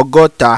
ọgọ́ta